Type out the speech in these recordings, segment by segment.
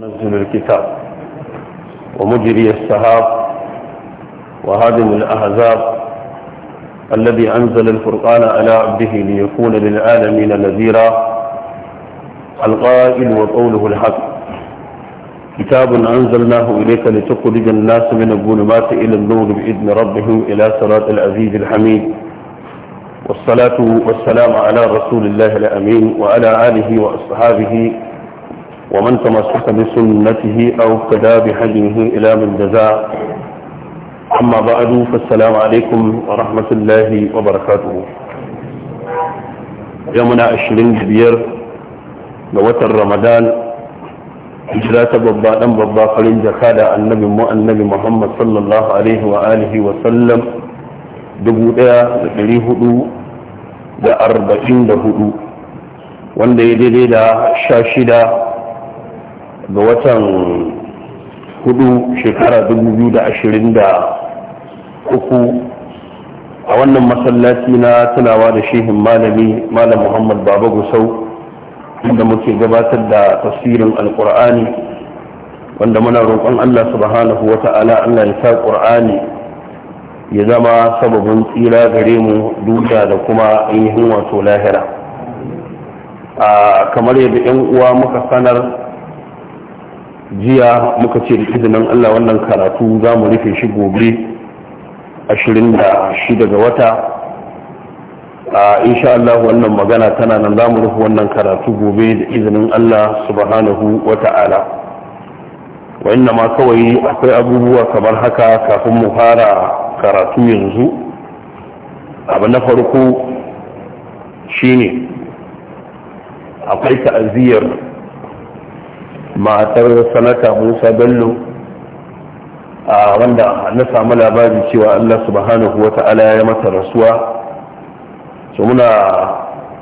منزل الكتاب ومجري السهاب وهادم الأهزاب الذي أنزل الفرقان على عبده ليكون للعالمين نذيرا القائل وقوله الحق كتاب أنزلناه إليك لتخرج الناس من الظلمات إلى النور بإذن ربهم إلى صراط العزيز الحميد والصلاة والسلام على رسول الله الأمين وعلى آله وأصحابه ومن تمسك بسنته أو اقتدى بهديه إلى من جزاء أما بعد فالسلام عليكم ورحمة الله وبركاته يومنا عشرين بير لوتر رمضان hijira ta babba ɗan babba farin jaka da annabi mu annabi Muhammad sallallahu alaihi wa da wa sallam 1444 wanda ya daidai da sha shida ga watan hudu shekara 2023 a wannan masallaci na tunawa da shehin malami malam muhammad baba gusau da muke gabatar da tafsirin alkur'ani wanda muna roƙon allah subhanahu wa ta'ala allah ya sa ƙur'ani ya zama sababin tsira gare mu duka da kuma ainihin wato lahira a kamar yadda 'yan uwa muka sanar jiya muka ce da izinin Allah wannan karatu za mu rufe shi gobe 26 ga wata a insha Allah wannan magana tana nan za mu rufe wannan karatu gobe da izinin Allah subhanahu wa ta'ala wa'inna ma kawai akwai abubuwa kamar haka kafin mu fara karatu yanzu abu na farko shine akwai ta'aziyar matar sanata musa bello a wanda na samu labari cewa allah subhanahu wa ta'ala ya mata rasuwa so muna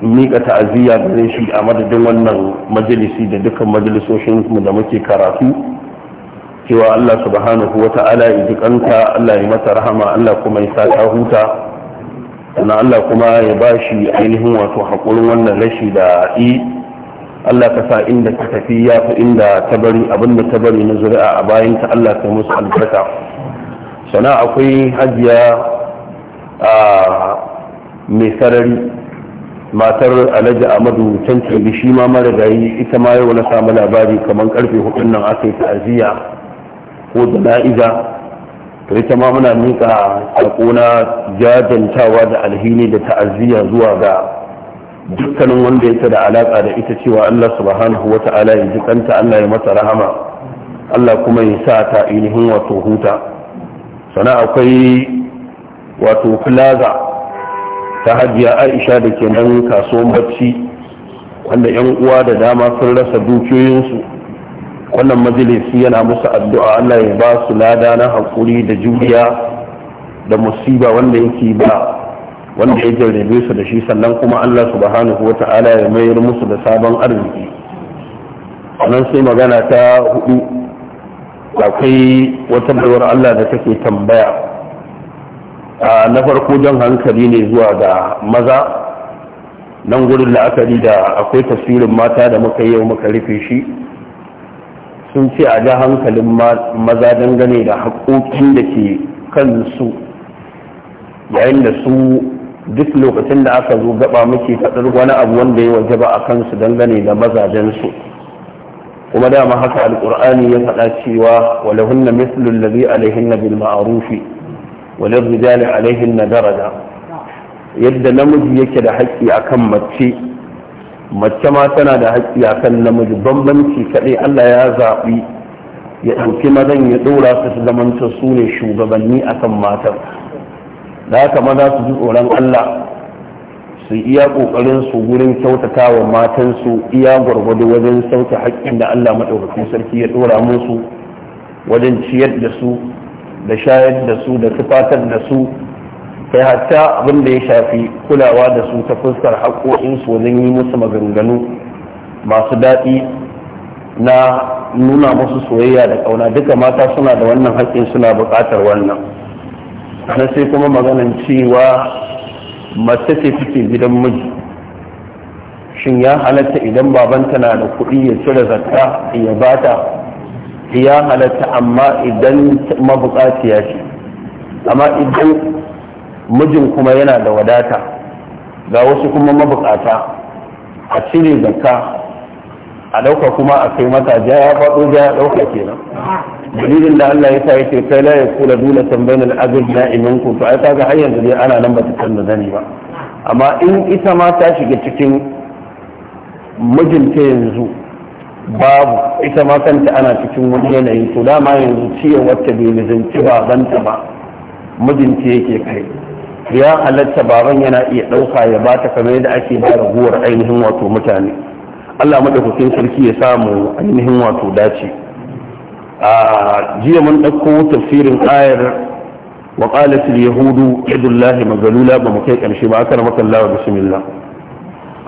mika ta'aziyya gare shi a madadin wannan majalisi da dukkan majalisoshinmu da muke karatu cewa allah subhanahu wa ta'ala ya ji kanta allah ya mata rahama allah kuma ya sa huta sannan allah kuma ya ba shi ainihin wato haƙurin wannan rashi da i Allah ka sa inda ta tafi ya fi inda ta bari abinda ta bari na zuri'a a bayan ta Allah ka musu albarka sana akwai hajiya a mai sarari matar alhaji amadu cancan shi ma marigayi ita ma yau na samu labari kamar karfe hudun nan aka yi ta'aziyya ko da na'iza to ita ma muna miƙa saƙo na jajantawa da alhini da ta'aziyya zuwa ga dukkanin wanda yake da alaka da ita cewa Allah subhanahu wata'ala ya ji kanta Allah ya mata rahama Allah kuma ya sa ta ainihin wato huta sana akwai wato plaza ta hajiya Aisha da ke nan kasuwan bacci wanda yan uwa da dama sun rasa dukiyoyinsu wannan majalisi yana musu addu'a Allah ya ba su lada na hakuri da juriya da musiba wanda yake ba wanda ya jarrabe su da shi sannan kuma Allah subhanahu wa ta'ala ya mayar musu da sabon arziki nan sai magana ta hudu akwai wata dawar Allah da take tambaya a na farko jan hankali ne zuwa ga maza nan gurin la'akari da akwai tasirin mata da muka yi muka rufe shi sun ce a ja hankalin maza dangane da haƙoƙin da ke kansu yayin da su duk lokacin da aka zo gaba muke faɗar wani abu wanda ya wajaba a kansu dangane da mazajensu kuma dama haka alkur'ani ya faɗa cewa walahunna mislu allazi alaihinna bil ma'rufi walil rijali na daraja yadda namiji yake da haƙƙi akan mace mace ma tana da haƙƙi akan namiji bambanci kaɗai Allah ya zaɓi ya ɗauki mazan ya ɗora su su zamanta su ne shugabanni akan matar. da haka maza su ji tsoron Allah su iya ƙoƙarin su gurin kyautata wa matansu iya gwargwado wajen sauke haƙƙin da Allah maɗaukakin sarki ya ɗora musu wajen ciyar da su da shayar da su da tufatar da su kai hatta abin da ya shafi kulawa da su ta fuskar haƙoƙinsu wajen yi musu maganganu masu daɗi na nuna musu soyayya da ƙauna duka mata suna da wannan haƙƙin suna buƙatar wannan sannan sai kuma maganin cewa mace ce take gidan miji shin ya halatta idan babanta na da kuɗi ya cire zakka ya bata ya halatta amma idan mabuƙaciya ce amma idan mijin kuma yana da wadata ga wasu kuma mabuƙata a cire zakka a ɗauka kuma a kai mata ja ya faɗo ja ya ɗauka kenan dalilin da Allah ya sa yake kai la yakula duna tambayin al-ajr la iminku to ai kaga har yanzu dai ana nan ba ta canza zani ba amma in ita ma ta shiga cikin mijinta yanzu babu ita ma kanta ana cikin wani yanayi to dama yanzu ciwon wacce bai ba babanta ba mijinta yake kai ya halatta baban yana iya ɗauka ya ba ta kamar yadda ake ba raguwar ainihin wato mutane Allah madaukakin sarki ya samu ainihin wato dace آه، جيما أكو تفسير آير وقالت اليهود عد الله مغلولا بمكيك أنا شبعك رمك الله بسم الله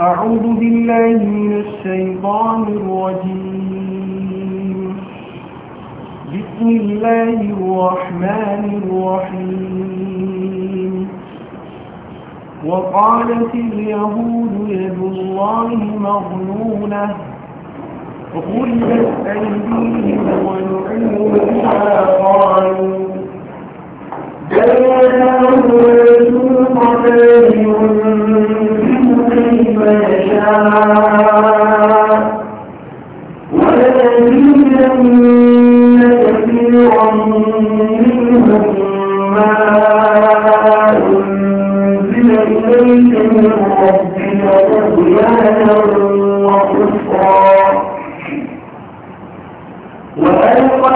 أعوذ بالله من الشيطان الرجيم بسم الله الرحمن الرحيم وقالت اليهود يد الله مغلوله غلت أيديهم ولعنوا بما قالوا جعلناهم سلطتين ينزل كيف يشاء ولنزيدن كثيرا منهم ما أنزل إليك من ربك طغيانا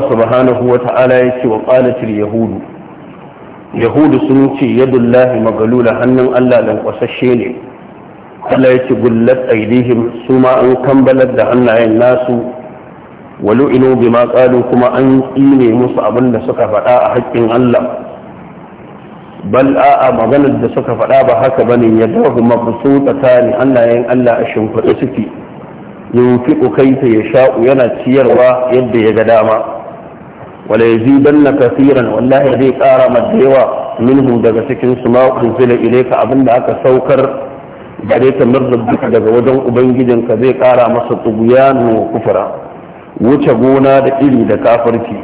Allah subhanahu wa ta'ala ya ce wa qalatil yahudu yahudu sun ce yadullahi magalula hannun Allah lankwasashe ne Allah ya ce gullat aidihim su ma an kambalar da hannayen nasu walu ilo bima qalu kuma an tsine musu abin da suka faɗa a haƙƙin Allah bal a'a maganar da suka faɗa ba haka bane ya dahu mabsuta ne hannayen Allah a shimfiɗe suke yunfiqu ya sha'u? yana ciyarwa yadda ya ga dama wala na kaseeran wallahi zai kara madewa minhu daga cikin su ma unzila ilayka abinda aka saukar ta ka duka daga wajen ubangijinka zai kara masa tuguyanu kufura. wuce gona da iri da kafarki.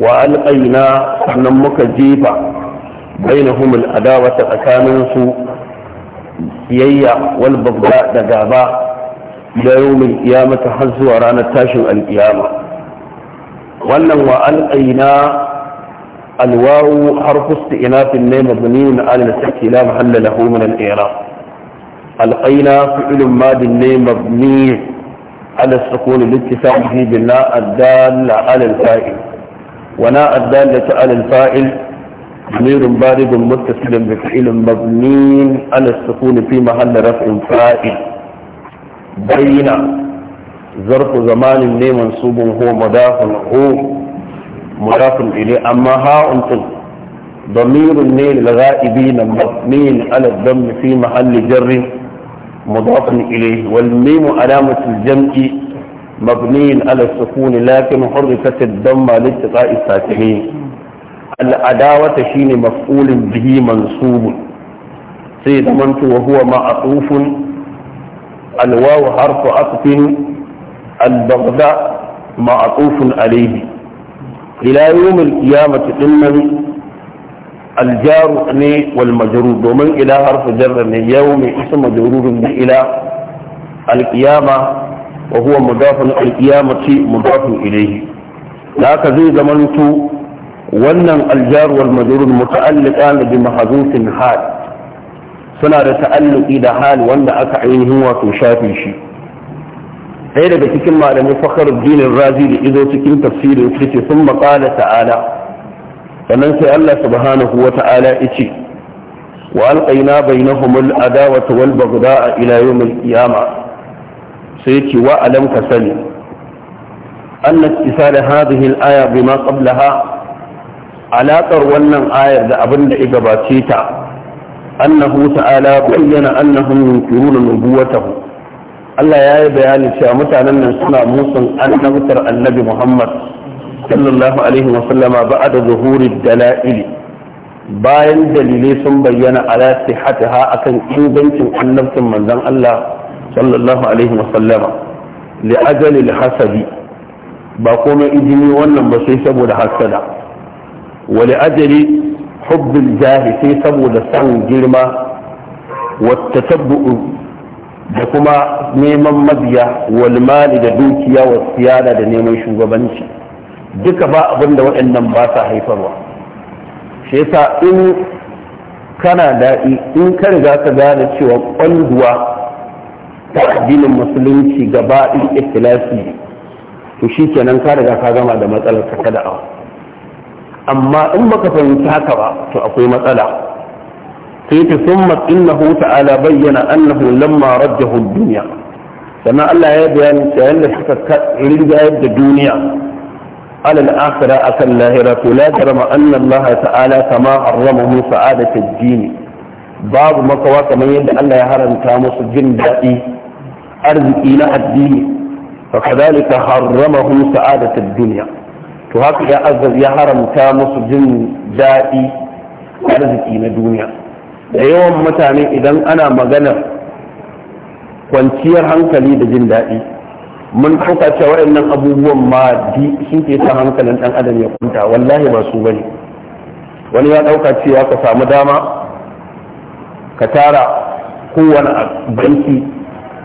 wa alqaina sannan muka jefa bainahum al'adawa tsakanin su biyayya wal bagda da gaba da yawmin qiyamata har zuwa ranar tashin alkiyama wannan wa alƙaina alwawu harfu isti'nafin ne mabniun ala al sakila mahalla lahu min al-i'rab alƙaina fi'lun madin ne mabni ala as-sukun littasabihi bil adalla ala al-fa'il wa na adallatu ala al-fa'il ضمير بارد bi بفعل مبني ala السكون fi محل raf'in fa'il bayna ظرف زمان ني منصوب هو مضاف هو مضاف إليه أما ها أنتم ضمير النيل لغائبين المضمين على الضم في محل جر مضاف إليه والميم علامة الجمع مبني على السكون لكن حركت الضم لاتقاء الساكنين العداوة شين مفعول به منصوب سيد منت وهو معطوف الواو حرف عطف البغداء معطوف عليه إلى يوم القيامة إن الجار ني والمجرور ومن إلى حرف جر يوم اسم مجرور إلى القيامة وهو مضاف القيامة مضاف إليه لا كذي زمنت ون الجار والمجرور متعلقان muta'alliqan حال سنة hal إلى حال ون أكعينه وتشافي شيء ɗaya daga cikin malamai fakar dinin razi da izo cikin tafsirin su ce sun maƙala ta'ala sannan sai allah subhanahu wa ta'ala ya ce wa alƙaina bai na humul adawa ta wal bagda a ilayu mai kiyama sai ce wa alam sani an na da hazihin aya bai ma ƙablaha alaƙar wannan ayar da abin da ya gabace ta annahu ta'ala bayyana annahu yunkiruna nubuwatahu Allah ya yi bayani cewa mutanen nan suna musun annabtar annabi Muhammad sallallahu alaihi wa sallama ba'da zuhuri dala'ili bayan dalilai sun bayyana ala sihataha akan ingancin annabtin manzon Allah sallallahu alaihi wa sallama li ajali hasabi ba komai izini wannan ba sai saboda hasada wa li ajali hubbil jahi sai saboda san girma wa tatabbu da kuma neman mabiya walmali da dukiya wa siyada da neman shugabanci duka ba abin da waɗannan ba sa haifarwa shi yasa in kana daɗi in ka riga ka gane cewa ƙwanduwa ta addinin musulunci gaba ɗin ikhlasi to shi kenan ka riga ka gama da matsalar ka kada amma in baka fahimci haka ba to akwai matsala سيك ثم إنه تعالى بيّن أنه لما رجه الدنيا سما الله يا بيان سيال الحكا كالرجاء الدنيا على الآخرة أتى اللاهرة لا جرم أن الله تعالى كما حرمه سعادة الدين باب ما قواك من يد أن لا يهرم كاموس الجن دائي أرض إلى الدين فكذلك حرمه سعادة الدنيا تهاك يا أزل يهرم كاموس الجن دائي أرض إلى الدنيا da yawan mutane idan ana magana kwanciyar hankali da jin daɗi mun ɗauka cewa waɗannan abubuwan ma di sun ke sa hankalin ɗan adam ya kwanta wallahi ba su bane wani ya ɗauka cewa ka samu dama ka tara kowane banki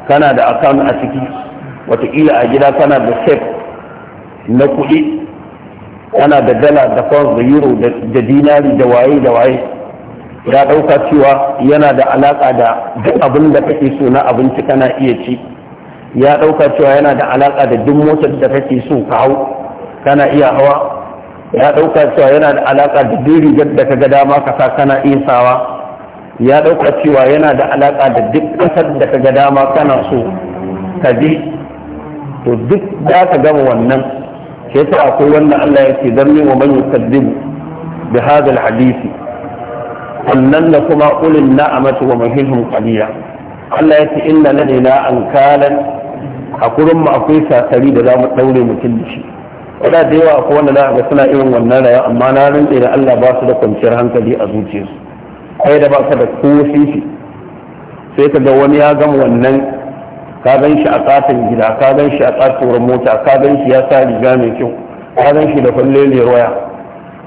kana da akan a ciki watakila a gida kana da sef na kuɗi kana da dala da fons da euro da dinari da waye da waye ya ɗauka cewa yana da alaƙa da duk abin da kake so na abinci kana iya ci ya ɗauka cewa yana da alaƙa da duk motar da kake so ka hau kana iya hawa ya ɗauka cewa yana da alaƙa da duk rigar da ka ga dama ka sa kana iya sawa ya ɗauka cewa yana da alaƙa da duk ƙasar da ka ga dama kana so ka bi to duk za ka gama wannan sai ta akwai wanda Allah ya ce zanni wa man yukazzibu bi hadha al-hadisi sannan da kuma ulin na'amatu wa mahihum qaliya Allah ya ce inna ladaina ankalan a kurin mu akwai sasari da za mu daure mutum da shi wanda da yawa akwai wanda za ga suna irin wannan raya amma na rantse da Allah ba su da kwanciyar hankali a zuciyarsu kai da ba ka da kofi sai ka ga wani ya gama wannan ka gan shi a katin gida ka gan shi a katuwar mota ka gan shi ya sa riga mai kyau ka gan shi da kwallon waya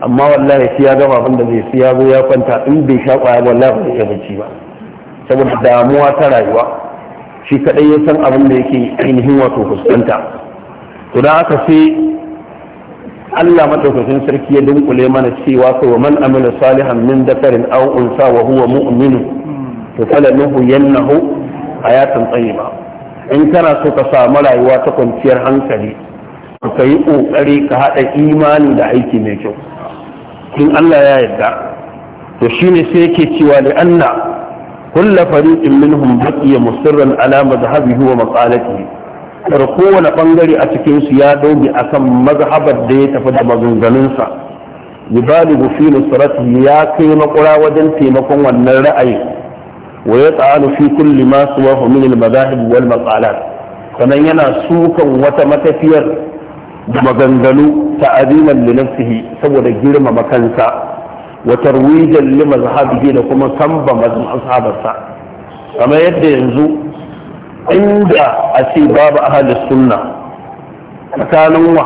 amma wallahi shi ya gama abin da zai sai ya zo ya kwanta in bai sha kwaya wallahi bai zai bacci ba saboda damuwa ta rayuwa shi kadai ya san abin da yake ainihin wato fuskanta to aka sai Allah madaukakin sarki ya dunkule mana cewa ko wa man amila salihan min dakarin aw unsa wa huwa mu'minu to fala nuhu yannahu hayatan tayyiba in kana so ka samu rayuwa ta kwanciyar hankali ka yi kokari ka haɗa imani da aiki mai kyau in Allah ya yarda to shine sai yake cewa li anna kullu fariqin minhum baqiya musirran ala madhhabihi wa maqalatihi kar kowane bangare a cikin su ya doge akan mazhabar da ya tafi da maganganun sa yubaligu fi ya kai makura wajen taimakon wannan ra'ayi wa yata'alu fi kulli ma suwahu min al-madahib wal maqalat sannan yana sukan wata matafiyar da maganganu ta'aziman li nafsihi saboda girmama kansa wa tarwijan li mazhabihi da kuma kamba mazhabarsa kamar yadda yanzu inda a ce babu ahalus sunna tsakanin wa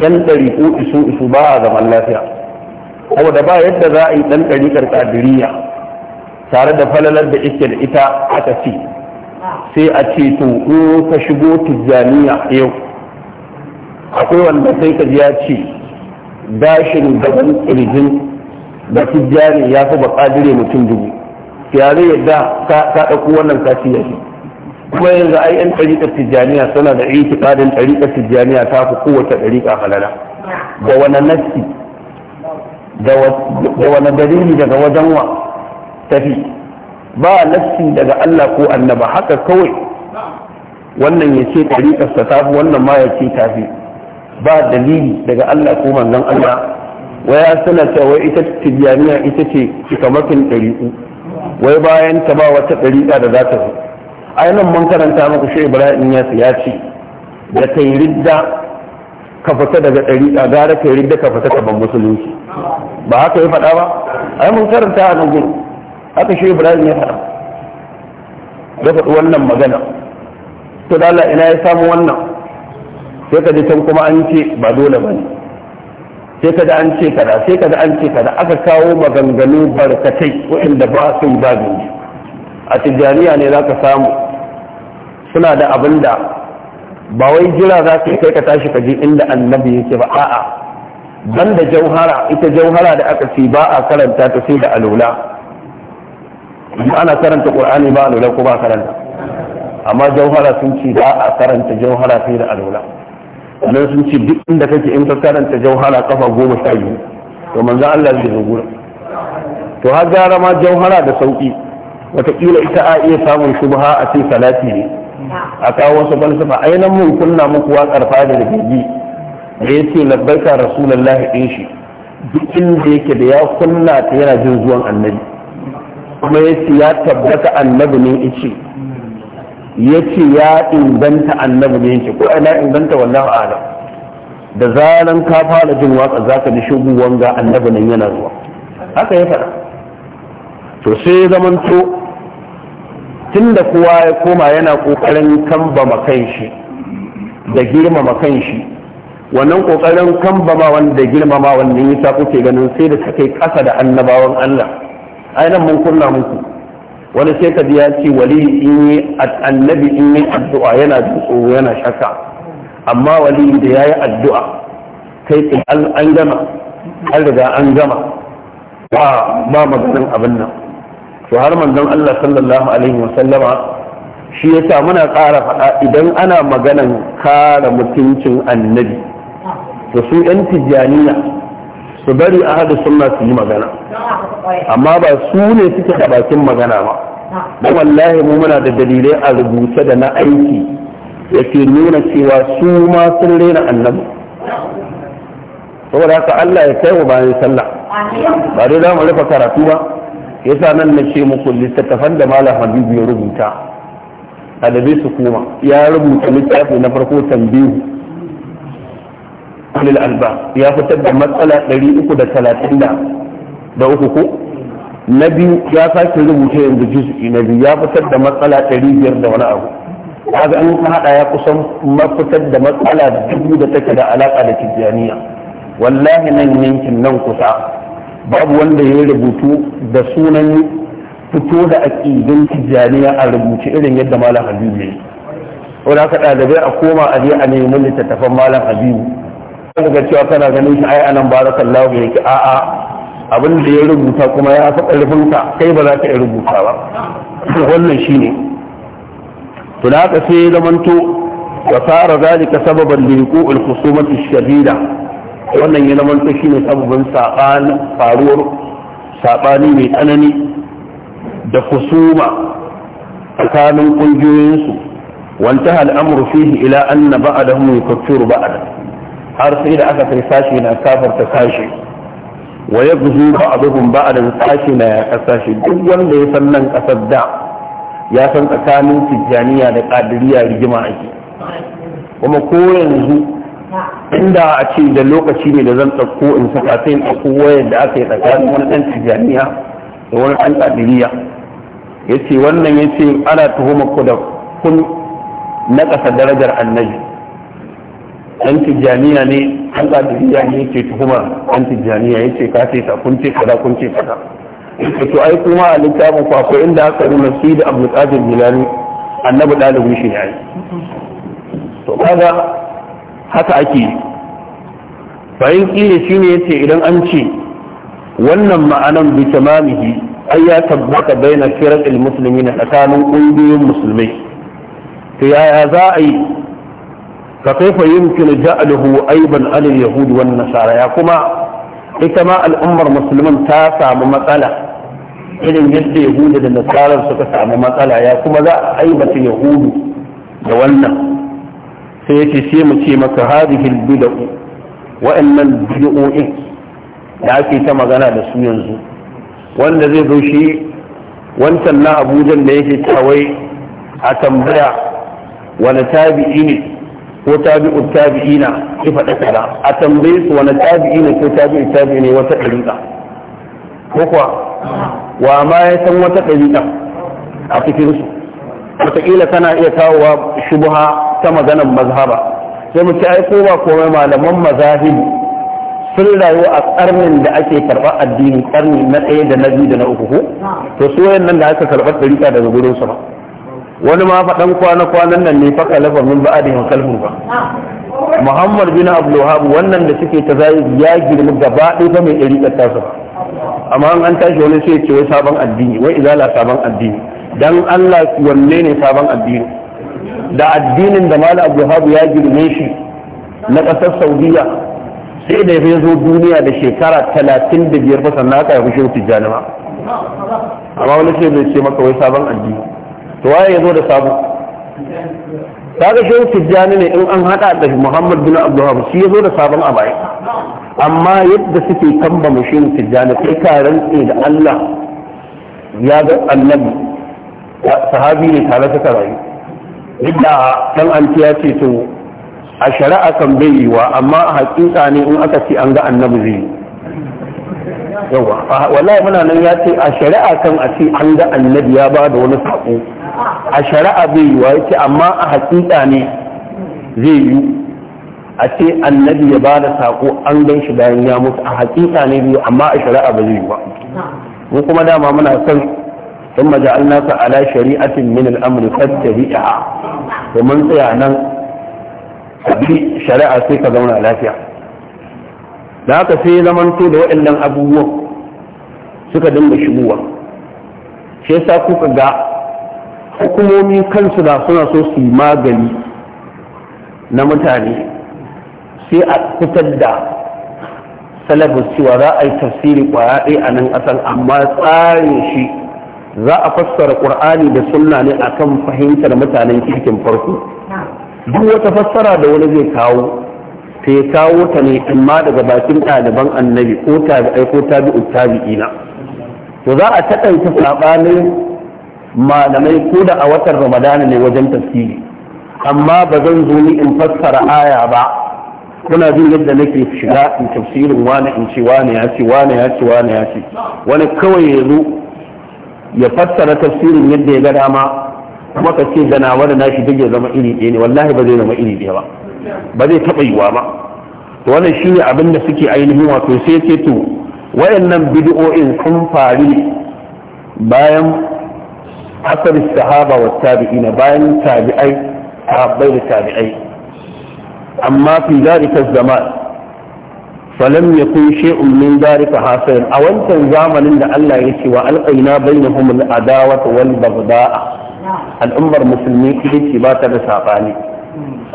yan ko isu isu ba a zaman lafiya saboda ba yadda za a yi ɗan ɗariƙar ƙadiriya tare da falalar da ike da ita aka ce sai a ce to in ka shigo tijjaniya yau akwai wanda sai ka ya ce dashin gaban kirjin da jari ya fi jire mutum dubu ya zai yadda ka ɗauko wannan kashi ya ce kuma yanzu ai yan ɗariƙar tijjaniya suna da itikadin ɗariƙar tijjaniya ta fi kowace ɗariƙa halala da wani nassi da wani dalili daga wajen wa tafi ba nassi daga Allah ko annaba haka kawai wannan ya ce ɗariƙarsa ta fi wannan ma ya ce tafi ba dalili daga Allah ko manzon Allah waya sana wai ita tijaniya ita ce cikamakin ɗari'u wai bayan ta ba wata ɗari da za ta zo yanan mun karanta muku shi ibrahim ya ya ce da ta yi ridda ka fita daga ɗariƙa gara ka yi ridda ka fita ka ban musulunci ba haka ya faɗa ba ai mun karanta a nan haka shi ibrahim ya faɗa ya faɗi wannan magana to da Allah ina ya samu wannan sai ka ji can kuma an ce ba dole ba ne sai ka da an ce kada sai ka da an ce kada aka kawo maganganu barkatai waɗanda ba su yi ba a tijjaniya ne za ka samu suna da abin da ba wai jira za ka kai ka tashi ka je inda annabi yake ba a'a ban da jauhara ita jauhara da aka fi ba a karanta ta sai da alula ana karanta qur'ani ba alula ko ba karanta amma jauhara sun ci ba a karanta jauhara sai da alula nan sun ce duk inda kake in ka karanta jauhara kafa goma sha biyu to manzo Allah zai zo gura. to har gara ma jauhara da sauki wataƙila ita a iya samun shubha a ce salati ne a kawo wasu falsafa ainihin mun kunna muku waƙar fada da gigi da ya ce labbaika rasulullahi ɗin shi duk inda yake da ya kunna ta yana jin zuwan annabi kuma ya ce ya tabbata annabi ne ice ya ce ya inganta annabi ne yake ko ina inganta wallahu alam da zaran ka fara jin waka zaka ji shugu wanga annabi nan yana zuwa haka ya faɗa to sai zamanto tun da kowa ya koma yana kokarin kambama kanshi da girmama kanshi wannan kokarin kambama wanda girmama wannan yasa kuke ganin sai da take kasa da annabawan Allah ai nan mun kunna muku wani sai ka ya ce wali in yi annabi in yi addu'a yana tsoro yana shaka amma wali da ya yi addu'a kai tsaye an gama an riga an gama ba ba maganin abin nan to har manzon Allah sallallahu alaihi wasallama shi yasa muna ƙara faɗa idan ana maganan kare mutuncin annabi da su 'yan tijjaniya su bari a hada sunna su yi magana amma ba su ne suke da bakin magana ba don wallahi mu muna da dalilai a rubuce da na aiki da ke nuna cewa su ma sun raina annabi saboda haka Allah ya kai wa bayan sallah ba dai za mu rufe karatu ba yasa nan na ce muku littattafan da malam habibu ya rubuta adabi su kuma ya rubuta littafi na farko tambihu alil alba ya fitar da matsala 330 da uku ko na biyu ya sake rubuta yanzu juz'i na biyu ya fitar da matsala ɗari biyar da wani abu kaga an ka hada ya kusan mafitar da matsala dubu da take da alaka da kijaniya, wallahi nan yankin nan kusa babu wanda ya rubutu da sunan fito da aƙidin kijaniya a rubuce irin yadda malam habibu ya wanda aka ɗalibai a koma a je a nemi littattafan malam habibu ga cewa kana ganin shi ai anan barakallahu yake a'a abin da ya rubuta kuma ya fi ƙarfinka kai ba za ka iya rubuta ba wannan shi ne Tunaka sai zamanto wa fara zalika sababan da yuku shadida wannan ya zamanto shine ne sababin faruwar saɓani mai tsanani da kusuma tsakanin ƙungiyoyinsu wanta al'amuru fihi ila anna ba'adahum yukaffiru ba'ada har sai da aka kai sashi na kafarta sashi wa ya guzu ba abubuwan ba a da sashi na ya shi duk wanda ya san nan kasar da ya san tsakanin tijjaniya da ƙadiriya rigima ake kuma ko yanzu inda a ce da lokaci ne da zan ɗauko in saka sai in ɗauko wayar da aka yi tsakanin wani ɗan tijjaniya da wani ɗan ƙadiriya ya ce wannan ya ce ana tuhumar ku da kun na ƙasa darajar annabi dan tijjaniya ne an tsadiriya ne yake tuhuma dan tijjaniya ce ka ce ta kun ce kaza kun ce kaza to ai kuma a littafin ku akwai inda aka nuna shi da Abdul Qadir Jilani annabi dalibin shi ya yi to kaga haka ake bayan kile ya ce idan an ce wannan ma'anan bi tamamihi ai ya tabbata baina firqil muslimin tsakanin ƙungiyoyin musulmai to yaya za a yi فكيف يمكن جعله أيضا على اليهود والنصارى يا كما إتما الأمر مسلما تاسع ممثلة إذن جد يهود للنصارى سكتع ممثلة يا كما لا أيبة يهود دولنا سيتي سيمة هذه البدع وإن البدع إيه لكن تم غنى لسمي ينزو والذي ذو وانت النا ابو جن ليك تاوي اتمبرع ولا تابعيني ko tabi'u tabi'ina ki faɗa kaza a tambaye su wani tabi'ina ko tabi'u tabi'ina wata ɗariƙa ko kuwa wa ma ya san wata ɗariƙa a cikin su wataƙila kana iya kawowa shubuha ta maganar mazhaba sai mu ci ai ko ba komai malaman mazahib sun rayu a ƙarnin da ake karɓar addini karni na ɗaya da na biyu da na uku ko to su wayannan da aka karɓar ɗariƙa daga gurin su ba wani ma fa faɗan kwana-kwanan nan ne faka lafa min ba adin kalmun ba muhammad bin abdulwahab wannan da suke ta zai ya girma gaba ɗaya fa mai ɗari ƙasa su amma an tashi wani sai ce wai sabon addini wai izala sabon addini dan Allah wanne ne sabon addini da addinin da malam abdulwahab ya girme shi na ƙasar saudiya sai da ya zo duniya da shekara talatin da biyar fa sannan aka yi fushin tijjani ma amma wani sai zai ce maka wai sabon addini to waye ya zo da sabo kaga shehu tijjani ne in an haɗa da muhammad bin abdullahi shi ya zo da sabon a baya amma yadda suke kamba mushin tijjani kai ka rantse da allah ya ga annabi sahabi ne tare ta rayu duk dan an ce to a shari'a kan bai yiwa amma a hakika ne in aka ce an ga annabi zai yi yawa wallahi muna nan ya ce a shari'a kan a ce an ga annabi ya ba da wani sako a shari'a bai yi wa ce amma a hakika ne zai yi a ce annabi ya ba da sako an gan shi bayan ya mutu a hakika ne biyu amma a shari'a ba zai yi ba mu kuma dama muna son in maja'alnaka ala shari'atin min al-amri fattabi'a to mun tsaya nan bi shari'a sai ka zauna lafiya da haka sai zamanto da waɗannan abubuwan suka dinga shigowa shi yasa kuka ga hukumomi kansu da suna so su yi magani na mutane sai a fitar da salabus cewa za a yi tafsiri kwaya a nan ƙasar amma tsarin shi za a fassara ƙur'ani da sunna ne kan fahimtar mutanen kirkin farko duk wata fassara da wani zai kawo ta ya kawo ta ne amma daga bakin ɗaliban annabi ko tabi'ai ko tabi'u tabi'ina to za a taɗaita saɓanin malamai ko da a watan ramadana ne wajen tafsiri amma ba zan zo ni in fassara aya ba kuna jin yadda nake shiga in tafsirin wani in ce wani ya ce wani ya ce wani ya ce wani kawai ya zo ya fassara tafsirin yadda ya ga dama kuma ka ce ganawa da nashi duk ya zama iri ɗaya ne wallahi ba zai zama iri ɗaya ba ba zai taɓa yiwa ba wannan shi ne abin da suke ainihin wato sai ke to waɗannan bid'o'in sun fari bayan asar sahaba wa tabi'ina bayan tabi'ai sahabbai da tabi'ai amma fi zalika zaman falam yakun shay'un min zalika hasan a wancan zamanin da Allah ya ce wa alqaina bainahum al-adawa wal baghda al-ummar musulmi kike ba ta da sabani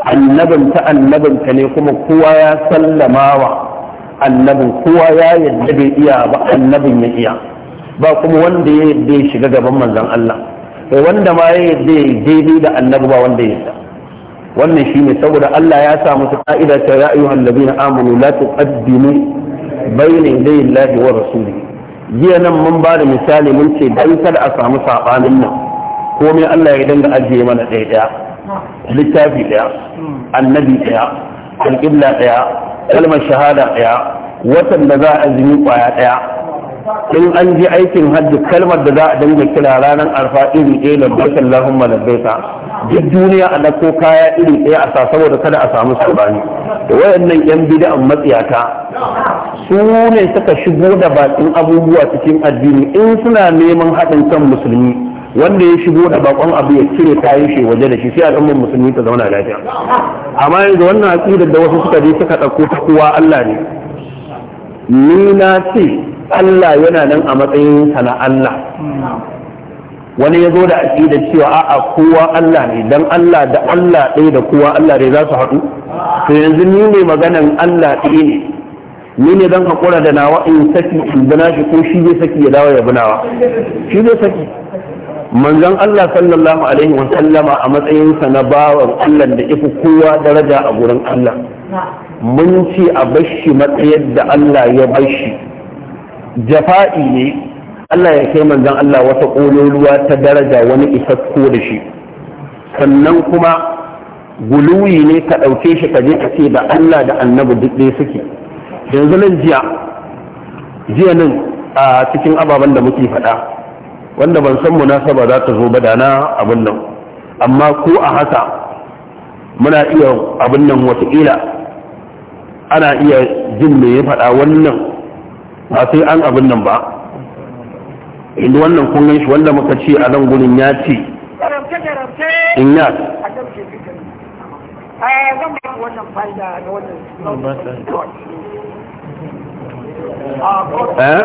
annabinta annabinta ne kuma kowa ya sallama wa annabin kowa ya yadda bai iya ba annabin ya iya ba kuma wanda ya yadda ya shiga gaban manzan Allah kai wanda ma ya yadda ya daidai da annabi ba wanda ya yadda wannan ne saboda Allah ya sa musu ka'ida ta ya ayyuhal ladina amanu la tuqaddimu bayna yaday wa rasulihi jiya nan mun ba da misali mun ce dan kada a samu sabanin nan komai Allah ya dinga ajiye mana ɗaya ɗaya littafi daya annabi daya alƙibla daya kalmar shahada daya watan da za a azumi kwaya daya in an ji aikin hajji kalmar da za a dinga kira ranar arfa iri ɗaya labbaika Allahumma labbaika duk duniya a ko kaya iri ɗaya a sa saboda kada a samu sabani da wayannan yan bid'an matsiyata su ne suka shigo da bakin abubuwa cikin addini in suna neman haɗin kan musulmi wanda ya shigo da bakon abu ya cire kayan shi waje da shi sai al'ummar musulmi ta zauna lafiya amma yanzu wannan aqidar da wasu suka je suka dauko ta kowa Allah ne ni na ce Allah yana nan a matsayin sa na Allah wani ya zo da aqidar cewa a'a kowa Allah ne dan Allah da Allah ɗaya da kowa Allah ne za su haɗu to yanzu ni ne maganan Allah ɗaya ne ni ne dan hakura da nawa in saki in bina shi ko shi zai saki ya dawo ya binawa shi zai saki manzon Allah sallallahu alaihi wa sallama a matsayinsa na bawan Allah da ifi kowa daraja a gurin Allah mun ce a bashi matsayar da Allah ya bashi jafa'i ne Allah ya kai manzon Allah wata ƙololuwa ta daraja wani isakko da shi sannan kuma guluwi ne ka ɗauke shi ka je ka ce da Allah da annabi duk ɗaya suke yanzu nan jiya jiya nan a cikin ababen da muke faɗa wanda ban san munasaba za ta zo ba da na abin nan amma ko a haka muna iya abin nan ila, ana iya jin me ya faɗa wannan ba sai an abin nan ba inda wannan kun gan shi wanda muka ce a nan gurin ya ce in ya wannan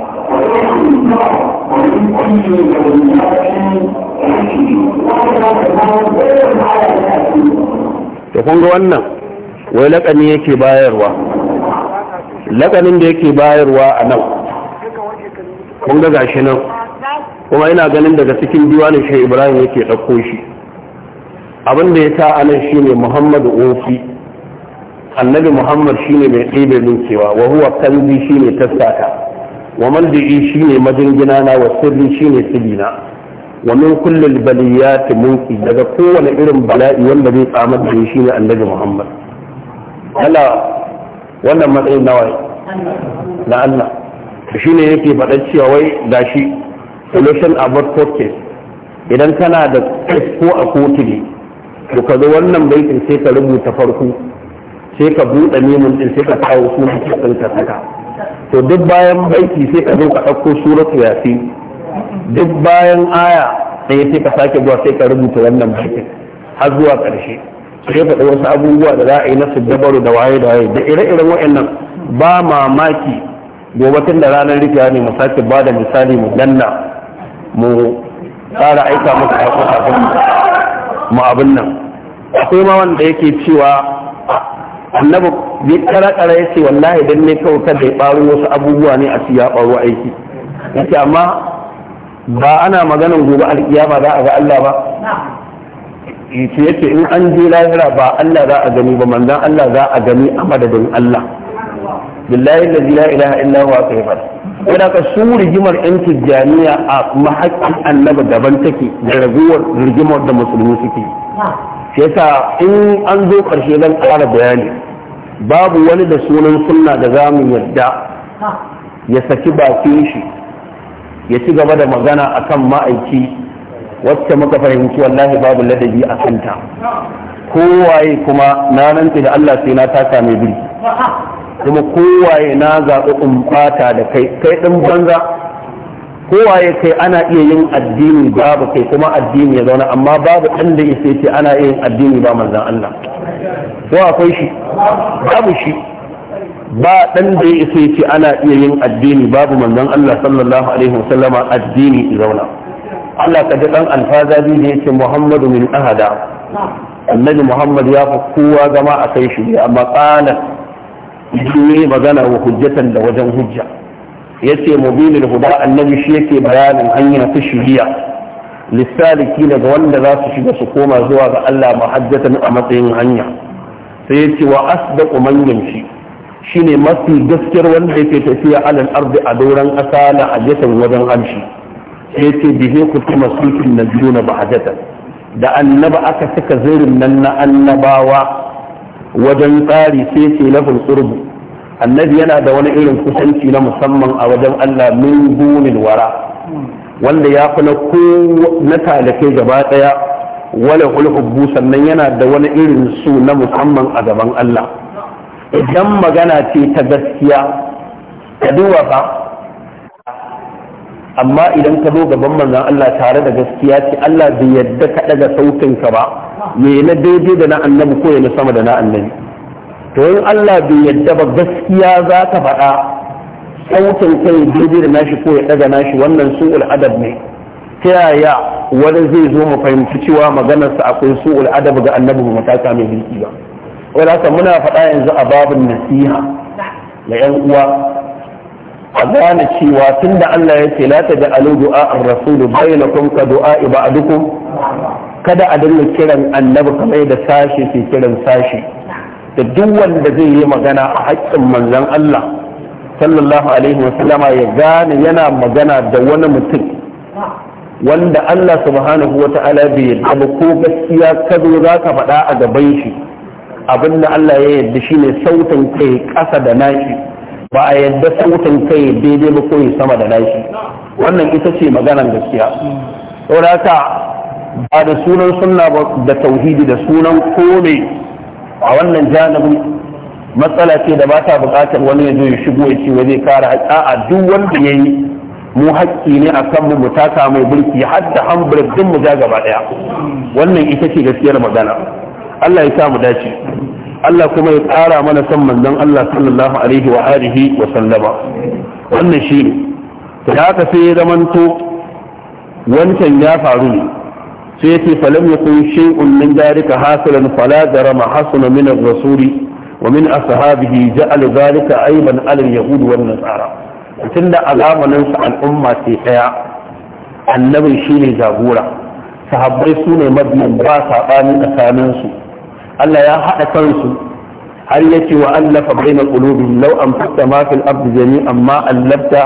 ta kunga wannan wai lakani yake bayarwa lakanin da yake bayarwa a nan kunga gashi nan kuma ina ganin daga cikin diwanin shi ibrahim yake ɗauko shi abinda ya sa anan shi ne muhammadu ofi annabi muhammad shi ne mai ɗibe min cewa wa kanzi shi ne tassaka wa malji'i shine majingina na wa sirri shine sirrina wa min kulli baliyat munki daga kowane irin bala'i wanda zai tsamar da shi ne annabi Muhammad Allah wannan matsayin nawa na Allah shine yake faɗa cewa wai gashi solution about court case idan kana da ko a kotu ne to ka zo wannan baitin sai ka rubuta farko sai ka buɗe neman din sai ka kawo sunan ka saka to duk bayan aiki sai ka zo ka ɗauko suratu yasin duk bayan aya ya ce ka sake zuwa sai ka rubuta wannan bakin, har zuwa ƙarshe sai faɗi wasu abubuwa da za a yi na dabaru da waye da waye da ire-iren waɗannan ba mamaki gobe tun da ranar rikiya ne mu sake ba da misali mu danna mu tsara aika masa sako-sakon mu abin nan akwai ma wanda yake cewa annabi bai karakara ya ce wallahi dan ne kawai kada ya wasu abubuwa ne a su ya aiki yace amma ba ana maganan gobe alkiyama za a ga Allah ba yace yace in an je lahira ba Allah za a gani ba manzon Allah za a gani a madadin Allah billahi allazi la ilaha illa huwa kai wanda ka su rigimar yan tijjaniya a mahakkin annabi daban take da raguwar rigimar da musulmi suke shi yasa in an zo ƙarshe zan ƙara bayani babu wani da sunan sunna da za mu yarda ya saki bakin shi ya ci gaba da magana akan ma'aiki wacce muka fahimci wallahi babu ladabi a kanta kowaye kuma na rantse da Allah sai na taka mai biri kuma kowaye na zaɓi in da kai kai ɗin banza ya kai ana iya yin addini babu kai kuma addini ya zauna amma babu ɗan da ya ce ana iya yin addini ba manzan Allah ko akwai shi babu shi ba ɗan da ya ce ana iya yin addini babu manzan Allah sallallahu alaihi wasallama addini ya zauna Allah ka ji ɗan biyu da ya ce Muhammadu min ahada annabi Muhammad ya fi kowa zama a kai shi amma ƙalar magana wa hujjatan da wajen hujja yace mubinul huda annabi shi yake bayanin hanya ta shiriya lissaliki daga wanda za su shiga su koma zuwa ga Allah mahajjatan a matsayin hanya sai yace wa asdaqu man yamshi shine mafi gaskiyar wanda yake tafiya alal ardi a doran kasa la ajatan wajen amshi sai yace bihi kutuma sulkin najuna bahajatan da annaba aka saka zirin nan na annabawa wajen tsari sai ce lafin qurbu annabi yana da wani irin kusanci na musamman a wajen Allah min dunin wara wanda ya fi na na talakai gaba daya wala hulhubbu sannan yana da wani irin su na musamman a gaban Allah idan magana ce ta gaskiya ta duwa ba amma idan ka zo gaban manzon Allah tare da gaskiya ce Allah bai yadda ka daga sautinka ba me na daidai da na annabi ko ya na sama da na annabi to in Allah bai yadda ba gaskiya za ka faɗa sautin kai daidai da nashi ko ya ɗaga nashi wannan su'ul adab ne ta yaya wani zai zo mu fahimci cewa maganarsa akwai su'ul adab ga annabi mu matasa mai mulki ba wai haka muna faɗa yanzu a babin nasiha ga yan uwa a gane cewa tunda Allah ya ce la ta da alu du'a ar-rasul bainakum ka du'a ibadakum kada a dinga kiran annabi kamar da sashi ke kiran sashi da duk wanda zai yi magana a haƙƙin manzon Allah sallallahu alaihi wasallama ya gane yana magana da wani mutum wanda Allah subhanahu wa ta'ala bai yarda ba ko gaskiya ka zo za ka faɗa a gaban shi abin da Allah ya yarda shi ne sautin kai ƙasa da nashi ba a yarda sautin kai daidai ba ko sama da nashi wannan ita ce maganar gaskiya saboda ba da sunan sunna ba da tauhidi da sunan kome a wannan janibin matsala ce da ba ta buƙatar wani ya zo ya shigo ya ce zai kare haƙƙa a duk wanda ya yi mu haƙƙi ne a kanmu mu taka mai mulki har da hamburg din mu ja gaba ɗaya wannan ita ce gaskiyar magana Allah ya sa mu dace Allah kuma ya ƙara mana son manzon Allah sallallahu alaihi wa alihi wa sallama wannan shi ne da haka sai ya zamanto wancan ya faru ne sai yace falam yakun shay'un min dalika hasilan fala da hasuna min ar-rasuli wa min ashabihi ja'al zalika ayban ala al-yahud wan nasara tunda al'amanin sa al'umma ce daya annabi shine jagora sahabbai su ne mabiyan ba sabani tsakanin su Allah ya hada kansu har yace wa allafa bainal qulubi law anfaqta ma fil ardi jami'an ma allafta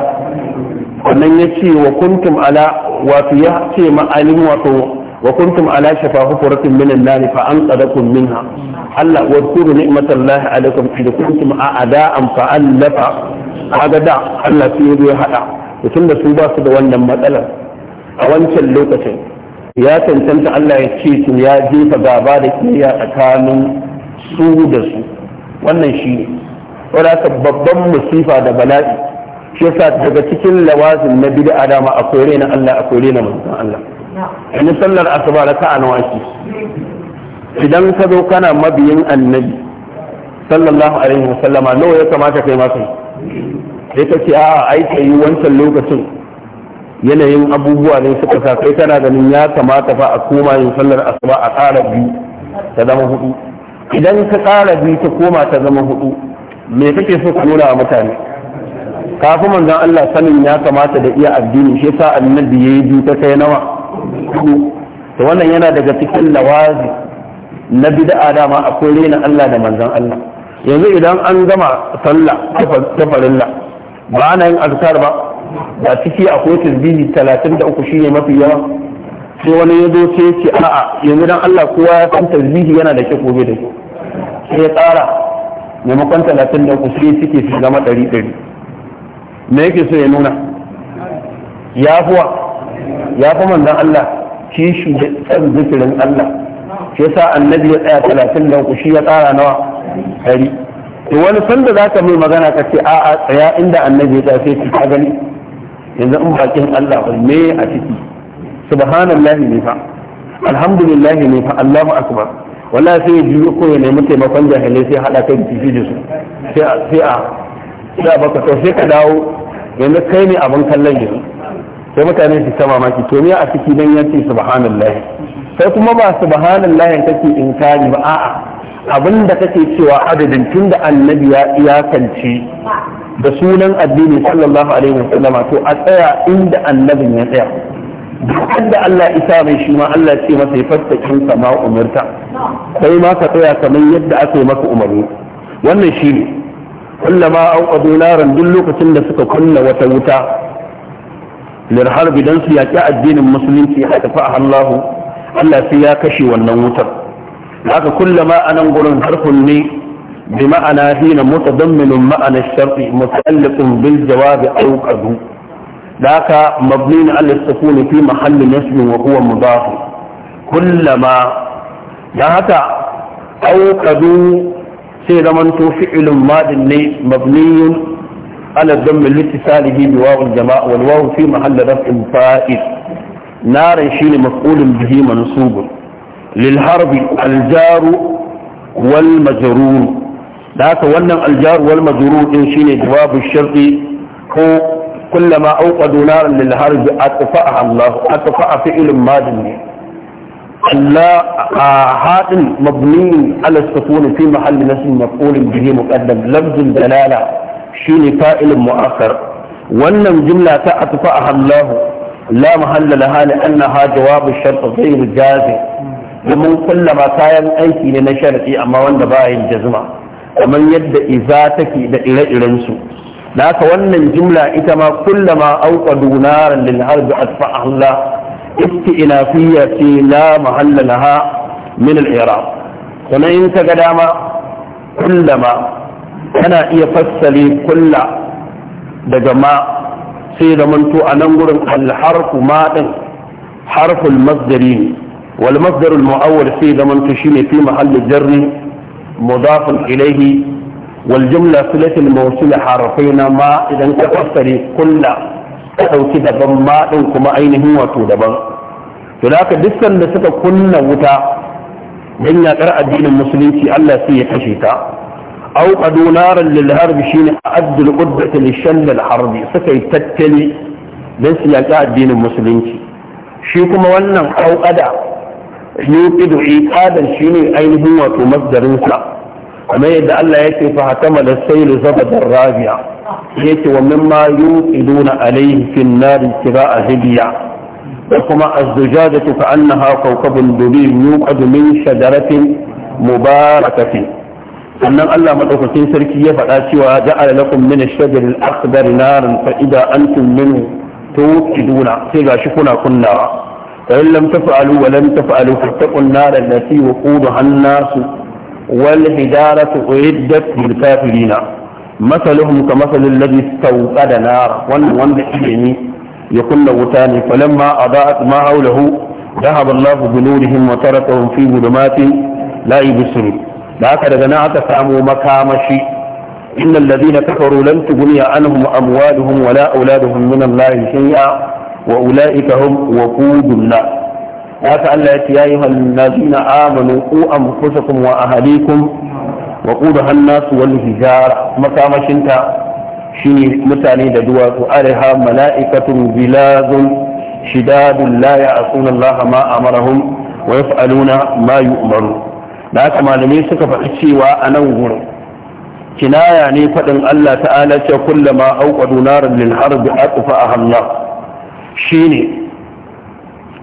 wannan yace wa kuntum ala wa fiya ce ma'alim wa wa kuntum ala shafa hufuratin min an-nar fa anqadakum minha Allah wa kuru ni'matallahi alaikum idh kuntum a'da'an fa allafa kaga da Allah sai ya haɗa. mutum da su ba su da wannan matsalar a wancan lokacin ya cancanta Allah ya ce su ya jefa gaba da kiyaya tsakanin su da su wannan shi ne wadda babban masifa da bala'i shi daga cikin lawazin na bid'a a akwai na Allah akwai na manzon Allah in sallar asuba raka'a nawa ce idan ka zo kana mabiyin annabi sallallahu alaihi wasallama nawa ya kamata kai masa sai ka ce a ai yi wancan lokacin yanayin abubuwa ne suka sa kai kana ganin ya kamata fa a koma yin sallar asuba a ƙara biyu ta zama hudu idan ka ƙara biyu ta koma ta zama hudu me kake so ka nuna wa mutane kafin manzon Allah sanin ya kamata da iya addini shi sa annabi yayi biyu ta kai nawa to wannan yana daga cikin lawazi na bid'a dama akwai rena Allah da manzon Allah yanzu idan an gama sallah ta farilla ba ana yin azkar ba ba ciki akwai tasbihi 33 shine mafi yawa sai wani ya zo ce ce a'a yanzu dan Allah kowa ya san tasbihi yana da kyau gobe da shi sai ya tsara maimakon 33 sai suke su zama 100 me yake so ya nuna yafuwa ya fi manzon Allah kishi da tsan zikirin Allah shi yasa annabi ya tsaya talatin da shi ya tsara nawa dari to wani sanda za ka mai magana ka ce a'a tsaya inda annabi ya tsaya sai ki ka gani yanzu in bakin Allah ba me a ciki subhanallahi ne fa alhamdulillah ne fa Allahu akbar wallahi sai ji ko ya nemi taimakon jahilai sai hada kai da da su sai a sai a sai a baka to sai ka dawo yanzu kai ne abin kallon yanzu sai mutane su ta mamaki to me a ciki dan yace subhanallahi sai kuma ba subhanallahi kake inkari ba a'a abin da kake cewa adadin tunda annabi ya iyakance da sunan addini sallallahu alaihi wasallama to a tsaya inda annabin ya tsaya duk da Allah isa mai shi ma Allah ce masa ya kin sama umarta sai ma ka tsaya kamar yadda aka yi maka umarni wannan shi ne kullama auqadu naran duk lokacin da suka kunna wata wuta للحرب دان سيا كي الدين المسلم سيا كفاها الله الله سيا كشي والنوتر لكن كل ما أنا نقول حرف لي بمعنى هنا متضمن معنى الشرط متألق بالجواب أو قدو ذاك مبني على السكون في محل نسب وهو مضاف كلما ذاك أو قدو سيدمنت ما ماد مبني على الدم لاتصاله بواو الجماع والواو في محل رفع فائد نار شين مفعول به منصوب للحرب الجار والمجرور ذاك ون الجار والمجرور ان shine جواب الشرطي كلما اوقدوا نارا للحرب اطفاها الله اطفا فعل ماض الله حاد مبني على السكون في محل نصب مفعول به مقدم لفظ الدلاله shine fa'ilun mu'akhar wannan jumla ta atfa Allah la mahalla laha li annaha jawabu shart ghayr jazi domin kullama kayan aiki ne na sharadi amma wanda ba yin jazma kamar yadda iza take da ire-iren su haka wannan jumla ita ma kullama auqadu naran lil harbi atfa Allah isti'nafiyya fi la mahalla laha min al-i'rab sannan in ka ga dama kullama kana iya fassali kulla daga ma sai da zamanto a nan gurin alharfu ma din harful masdari ne wal masdarul mu'awwal sai zamanto shine fi mahalli jarri mudafun ilaihi wal jumla silatul mawsul na ma idan ka fassali kulla ka dauki daban ma din kuma ainihin wato daban to da haka dukkan da suka kunna wuta dan yakar addinin musulunci Allah sai ya kashe ta أوقدوا نارا للهرب شين أعد القدة للشن الحربي سكي تتلي ليس لك الدين المسلمين شيكم وانا أوقدا يوقد إيقادا شين أين هو مصدر نسا وما يدى الله يكي فهتم للسيل زبد الرابع يكي ومما يوقدون عليه في النار اتباع هدية وكما الزجاجة فأنها كوكب دليل يوقد من شجرة مباركة sannan Allah madaukakin sarki ya faɗa cewa ja'ala lakum min ash-shajari al-akhdari naran fa idza antum minhu tuqiduna sai gashi kuna kunnawa fa in lam taf'alu wa lam taf'alu fattaqun nar allati waquduha an-nas wal hidaratu uiddat lil kafirin مثلهم كمثل الذي استوقد نارا وان وان يكون وتان فلما أضاءت ما حوله ذهب الله بنورهم وتركهم في ظلمات لا يبصرون da haka daga nan aka samu makamashi inna alladhina kafaru lan tughniya anhum amwaluhum wala auladuhum min Allah shay'a wa ulaika hum waqudun nar haka Allah ya ce ya yi hallazina amanu ku anfusakum wa ahlikum wa qudaha an wal hijara makamashinta shine mutane da duwatsu alaiha mala'ikatun bilazun shidadun la ya'suna Allah ma amarahum wa yaf'aluna ma yu'maru da haka malamai suka faɗi cewa a nan gurin kinaya ne faɗin Allah ta'ala ce kullama auqadu naran lil harbi aqfa ahalla shine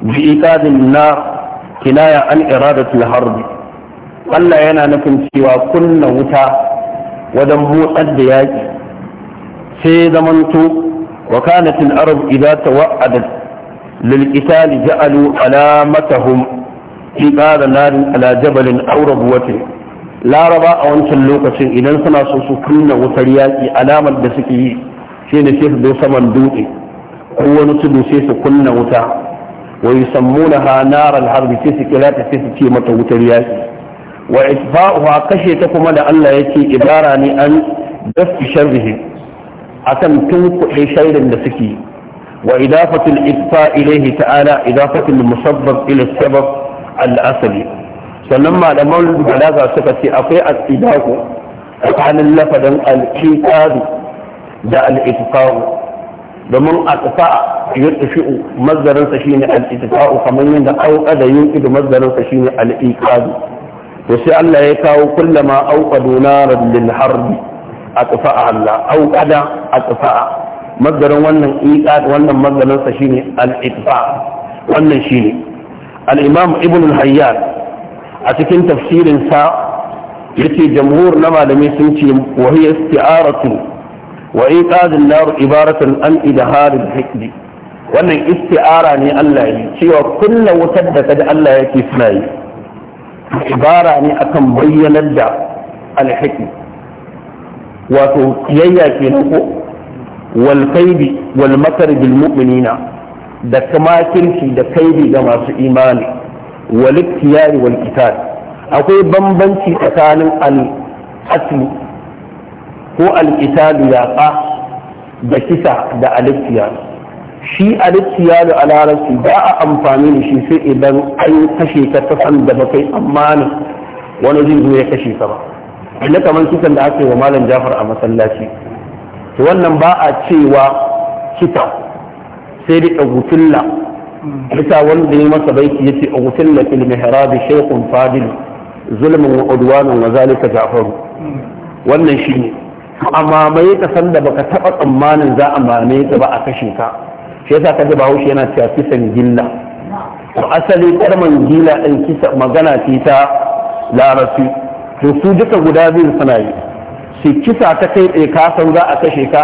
bi iqadin nar kinaya an iradatul harbi Allah yana nufin cewa kunna wuta wajen motsar da yaƙi sai zamanto wa kanat al-arab idza tawa'adat lil qitali ja'alu alamatahum fi ƙara narin ala jabalin aure laraba a wancan lokacin idan suna so su kunna wutar yaƙi alamar da suke yi shi ne sai su zo saman dutse ko wani tudu sai su kunna wuta Wai yusammuna ha naral harbi sai su kira ta sai su ce mata wutar yaƙi wa kashe ta kuma da Allah yake ibara ne an dafi sharrihi akan tunkuɗe sharrin da suke wa idafatul itfa ilaihi ta'ala idafatul musabbab ila sabab al'asali sannan malaman balaga suka ce akwai asidaku tsakanin lafadin alƙiƙari da al'itifaru domin a tafa yin tafi'u mazdarinsa shi ne al'itifaru kamar yadda auka da yin ido mazdarinsa shi ne al'iƙari to sai Allah ya kawo kullama auka donarar lil harbi a tafa a Allah auka da a tafa mazdarin wannan iƙa wannan mazdarinsa shi ne al'itifa wannan shi ne alimam imam ibn hayyan a cikin tafsirin sa yace jamhur na malamai sun ce wa hiya isti'aratu wa iqad an-nar ibaratan an idhar al wannan isti'ara ne Allah yi cewa kullu wutar da kaji Allah yake suna yi ibara ne akan bayyanar da al wato kiyayya kenan ko wal kaidi wal makar bil mu'minina da makirci da kaidi ga masu imani walittiyari wal akwai bambanci tsakanin al-aslu ko al-kitabu yaqa da kisa da alittiyari shi alittiyari a larabci ba a amfani da shi sai idan an kashe ka ta san da bakai amanin wani zai zo ya kashe ka ba inda kamar kisan da aka yi wa malam jafar a masallaci to wannan ba a cewa kitan sai da agutilla bisa wanda ya masa baiki yace agutilla fil mihrab shaykhun fadil zulmun wa udwanun wa zalika jafaru wannan shine amma mai ka san da baka taba tsammanin za a mame ka ba a kashe ka shi yasa kaji bahaushe yana cewa kisan gilla to asali karman gila din kisa magana ce ta larabci to su duka guda biyu suna yi su kisa ta kai tsaye ka san za a kashe ka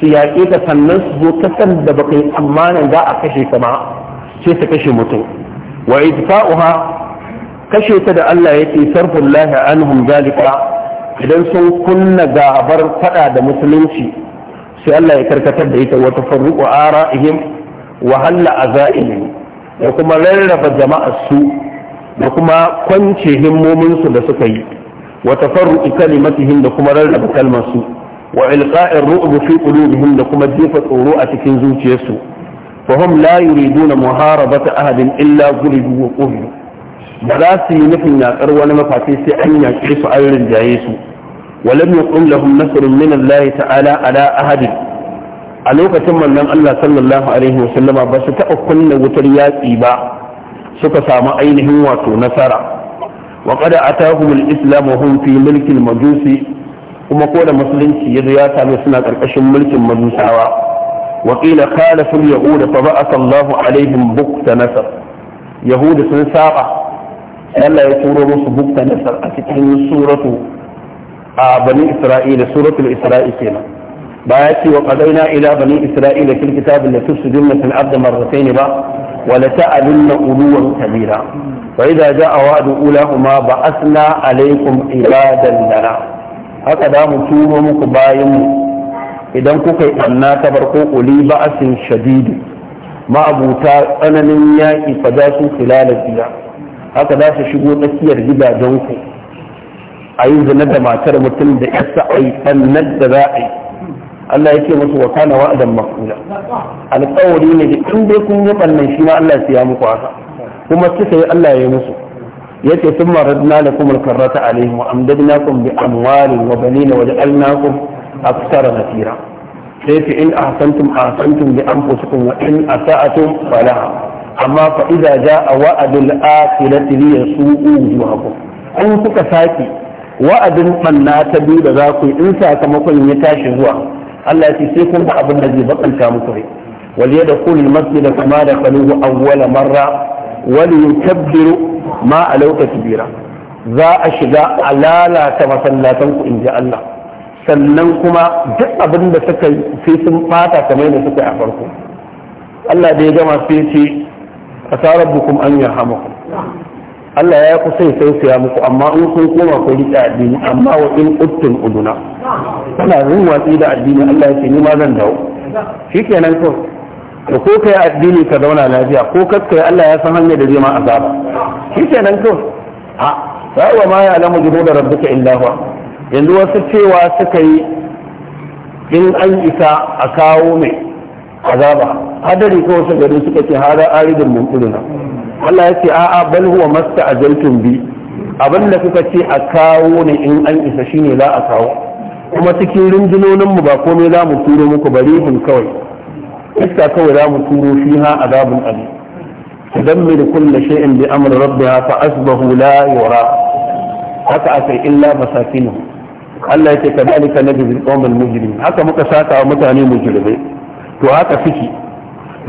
su yaƙe ka sannan su zo kasan da baka yi tsammanin za a kashe ka ba sai ta kashe mutum wa idfa'uha kashe ta da Allah yake sarfun lahi anhum zalika idan sun kunna gabar fada da musulunci sai Allah ya karkatar da ita wa tafarruqu ara'ihim wa halla azaihim da kuma rarraba jama'ar su da kuma kwance himmomin su da suka yi wa tafarruqu kalimatihim da kuma rarraba kalmar su wa ilqa'ir ru'b fi qulubihim da kuma jefa tsoro a cikin zuciyarsu fa hum la yuriduna muharabata ahadin illa guridu wa ba za su yi nufin yakar wani mafafi sai an yaƙe su an rinjaye su ولم يقم لهم نصر من الله تعالى على أحد a lokacin mannan Allah sallallahu alaihi wasallama ba su taɓa kunna wutar yatsi ba suka samu ainihin wato nasara wa qad atahum al-islam wa hum fi majusi kuma ko da musulunci yazo ya same suna karkashin mulkin majusawa wa qila qala al-yahud fa ba'atha Allahu alaihim bukta nasr yahud sun saba Allah ya turo musu bukta nasr a cikin suratu a bani isra'ila suratul isra'i kenan ba ya ce wa qadaina ila bani isra'ila fil kitab la tusjuduna fil ard marratayn ba wa la ta'alunna uluwan kabira fa idza ja'a wa'du ulahuma ba'athna alaykum ibadan lana haka za mu turo muku bayan mu idan kuka yi anna ta farko uli ba'asin shadidi ma'abuta tsananin yaƙi fa za su filala fiya haka za su shigo tsakiyar gidajen ku a yi zina da matar mutum da yasa a yi da za a yi Allah ya ce musu wa kana wa'adan maqula alƙawari ne da in dai kun yi bannan shi ma Allah ya siya muku haka kuma kika yi Allah ya yi musu yace sun maradna lakum alkarrata alaihim wa amdadnakum bi amwalin wa banina wa ja'alnakum aktsara nasira sai fi in ahsantum ahsantum bi anfusikum wa in asa'atum falaha amma fa idza ja'a wa'dul akhirati li yasu'u wujuhakum an kuka saki wa'adin banna ta biyu da za ku yi in sakamakon ya tashi zuwa Allah ya ce sai kun ga abin da zai bakanta muku rai wal yadkhulul masjida kama da kaluhu awwala marra wal yukabbiru ma a lokaci bira za a shiga a lalata masallatan ku in ji Allah sannan kuma duk abin da suka sai sun fata kamar da suka a farko Allah da ya gama sai ce asarar bukum an ku Allah ya kusa ya tausaya muku amma in kun koma ku da addini amma wa in uttun uduna kana yin watsi da addini Allah ya ce ni ma zan dawo shikenan kawai to ko kai addini ka zauna lafiya ko kaskai Allah ya san hanyar da zai ma azaba shi nan to a wa ma ya alamu jibo da rabbuka illa huwa yanzu wasu cewa suka yi in an isa a kawo mai azaba hadari ko wasu gari suka ce hada aridin mumkulina Allah ya ce a'a bal huwa masta ajaltum bi abin da kuka ce a kawo ne in an isa shine za a kawo kuma cikin rinjinoninmu ba komai za mu turo muku barihin kawai iska kawai za mu turo fiha azabun ali تدمر كل شيء بأمر ربها فأصبحوا لا يرى haka illa masakinu Allah yake kadalika na bizin qawmal mujrimin haka muka saka wa mutane mujrimai to haka fiki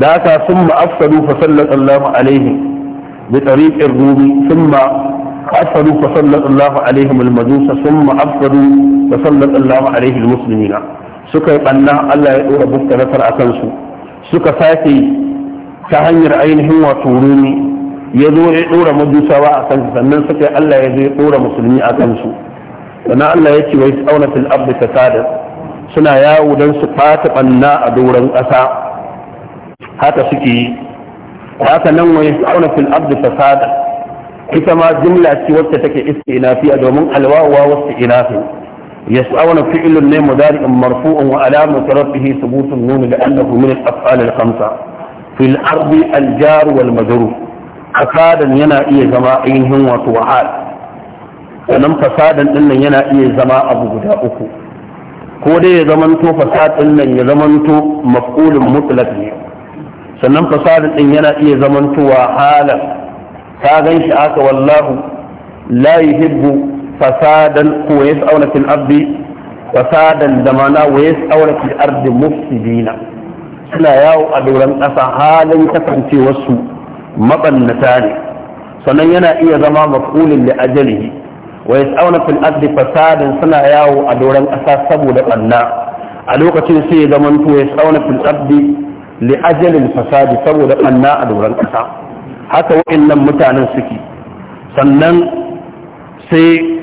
da haka summa afsalu fa sallallahu alaihi bi tariqir rumi summa afsalu fa sallallahu alaihim al majusa summa afsalu fa sallallahu alaihi al muslimina suka yi banna Allah ya dora bukta nasar akan su suka sake ta hanyar ainihin wato rumi ya zo ya dora majusawa a kansu sannan suka yi Allah ya zo ya dora musulmi a kansu sannan Allah ya ce wai tsauna fil abdi fasadin suna yawo don su fata banna a doron ƙasa haka suke yi haka nan wai tsauna fil abdi fasadin ita ma jimla ce wacce take istinafiya domin alwawa wasu inafin. يسأون فعل ني مضارع مرفوع وعلامة ربه ثبوت النون لأنه من الأفعال الخمسة في الأرض الجار والمجرور فسادا ينا إيه زما أينهم وتوحال sannan fasadan din yana iya zama abu guda uku ko dai ya zamanto fasad din ya zamanto sannan fasadin din yana iya zamantowa halan ka gan shi aka wallahu la yuhibbu fasadan ko yas'auna fil ardi fasadan zamana mana wa yas'auna fil ardi mufsidina suna yawo a doron ƙasa halin kasancewarsu mabannata ne sannan yana iya zama mafulin da ajali wa yas'auna fil ardi fasadan suna yawo a doron ƙasa saboda ɓanna a lokacin sai ya zamanto yas'auna fil ardi li ajalin fasadi saboda ɓanna a doron ƙasa haka wa'annan mutanen suke sannan sai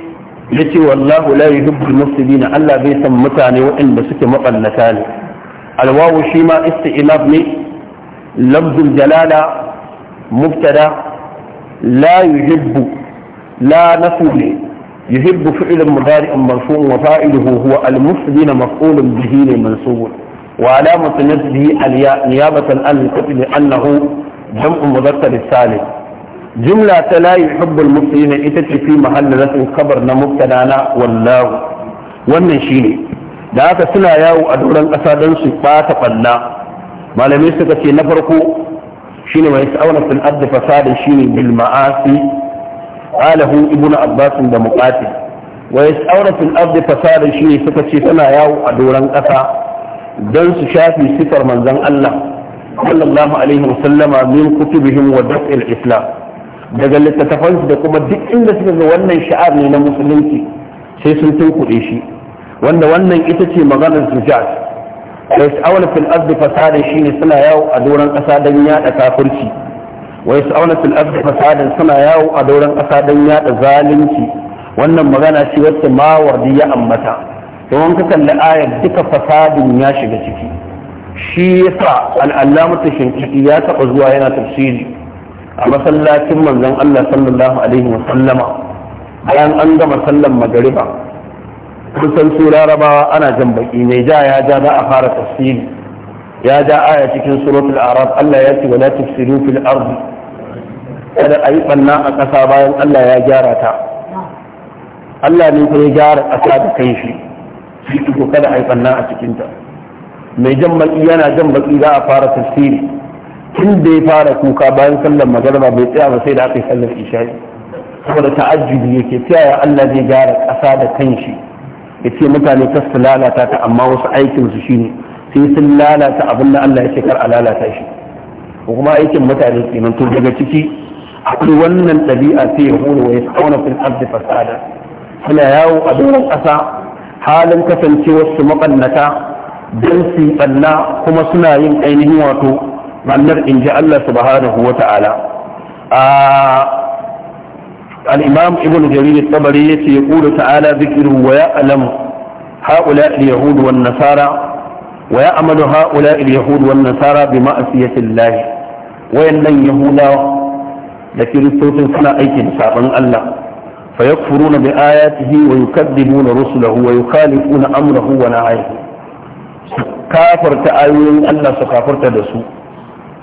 yace wallahu la yuhibbu al mufsidin Allah bai san mutane waɗanda suke maballata ne alwawu shi ma isti'nab ne lafzul jalala mubtada la yuhibbu la nafu ne يحب فعل مضارع مرفوع وفاعله هو المفسدين مفعول به منصوب وعلامة نسبه الياء نيابة عن القتل أنه جمع مذكر السالم jumla ta la yuhibbul mufsidin ita ce fi mahallin rasin kabar na mubtada na wallahu wannan shine da aka suna yawo a doron ƙasa don su bata ɓanna malamai suka ce na farko shine mai sa'awna fil ard fasadin shine bil ma'asi qalahu ibnu abbas da muqatil wa yas'awna fil ard fasadin shine suka ce suna yawo a doron ƙasa don su shafi sifar manzon Allah sallallahu alaihi wasallama min kutubihim wa daf'il islam daga littattafansu da kuma duk inda suka ga wannan sha'ar ne na musulunci sai sun tunkuɗe shi wanda wannan ita ce maganar zujaj wai su auna fil ardi fasadin shine suna yawo a doron ƙasa don yaɗa kafirci wai su auna fil ardi fasadin suna yawo a doron ƙasa don yaɗa zalunci wannan magana ce wacce ma wardi ya ambata don wanka kalli ayar duka fasadin ya shiga ciki shi yasa al'allamatu shinkiki ya taɓa zuwa yana tafsiri a masallacin manzon Allah sallallahu alaihi wa sallama bayan an gama sallan magariba kusan su larabawa ana jan baki mai ja ya ja za a fara tafsiri ya ja aya cikin suratul arab Allah ya ce wala tufsidu fil ardi kada ayi banna a ƙasa bayan Allah ya gyara ta Allah ne ya gyara ƙasa da kai shi ko kada ayi banna a cikin ta mai jan baki yana jan baki za a fara tafsiri tun da ya fara kuka bayan sallar magariba bai tsaya ba sai da aka yi sallar isha'i saboda ta'ajjubi yake ta yaya Allah zai gyara ƙasa da kanshi ya ce mutane kar su lalata ta amma wasu aikin su shine sai sun lalata abin da Allah ya ce kar a lalata shi ko kuma aikin mutane kenan to daga ciki akwai wannan ɗabi'a sai ya hura wa ya tsauna fil ardi fasada suna yawo a doron ƙasa halin kasancewar su maƙannata don su ɓanna kuma suna yin ainihin wato ranar in ji Allah subhanahu wa ta'ala al-imam ibn jarir at-tabari yace yaqulu ta'ala dhikru wa ya'lam ha'ula al-yahud wa nasara wa ya'malu ha'ula al-yahud wa an-nasara bi ma'siyati Allah wa yannan da kristotin suna aikin saban Allah فيكفرون بآياته ويكذبون رسله ويخالفون أمره ونهايه كافر تأيين أن سكافر تدسوه